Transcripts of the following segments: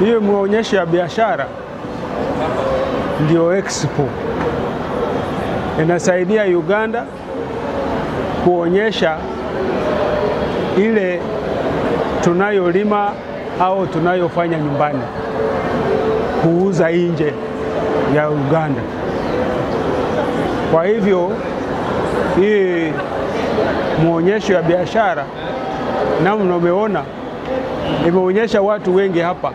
hiyo maonyesho ya biashara ndio expo inasaidia Uganda kuonyesha ile tunayolima au tunayofanya nyumbani, kuuza nje ya Uganda. Kwa hivyo hii muonyesho ya biashara, namna umeona, imeonyesha watu wengi hapa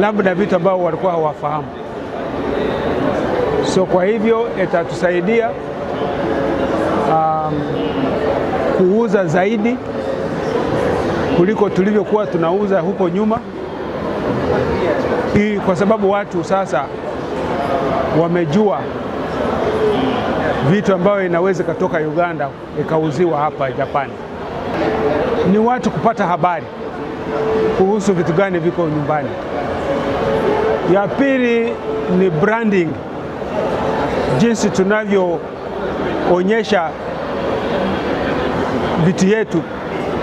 labda vitu ambavyo walikuwa hawafahamu. So kwa hivyo itatusaidia um, kuuza zaidi kuliko tulivyokuwa tunauza huko nyuma, i kwa sababu watu sasa wamejua vitu ambavyo inaweza ikatoka Uganda ikauziwa hapa Japani. Ni watu kupata habari kuhusu vitu gani viko nyumbani. Ya pili ni branding, jinsi tunavyoonyesha vitu yetu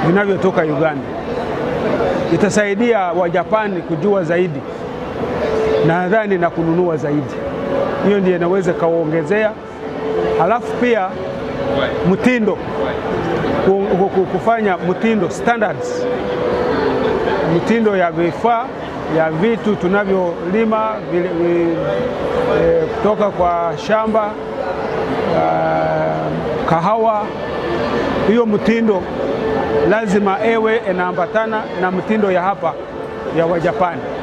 vinavyotoka Uganda. Itasaidia Wajapani kujua zaidi na nadhani na kununua zaidi. Hiyo ndiyo inaweza kawaongezea. Halafu pia mtindo, kufanya mtindo standards mitindo ya vifaa ya vitu tunavyolima e, kutoka kwa shamba uh, kahawa. Hiyo mtindo lazima ewe inaambatana na mtindo ya hapa ya Wajapani.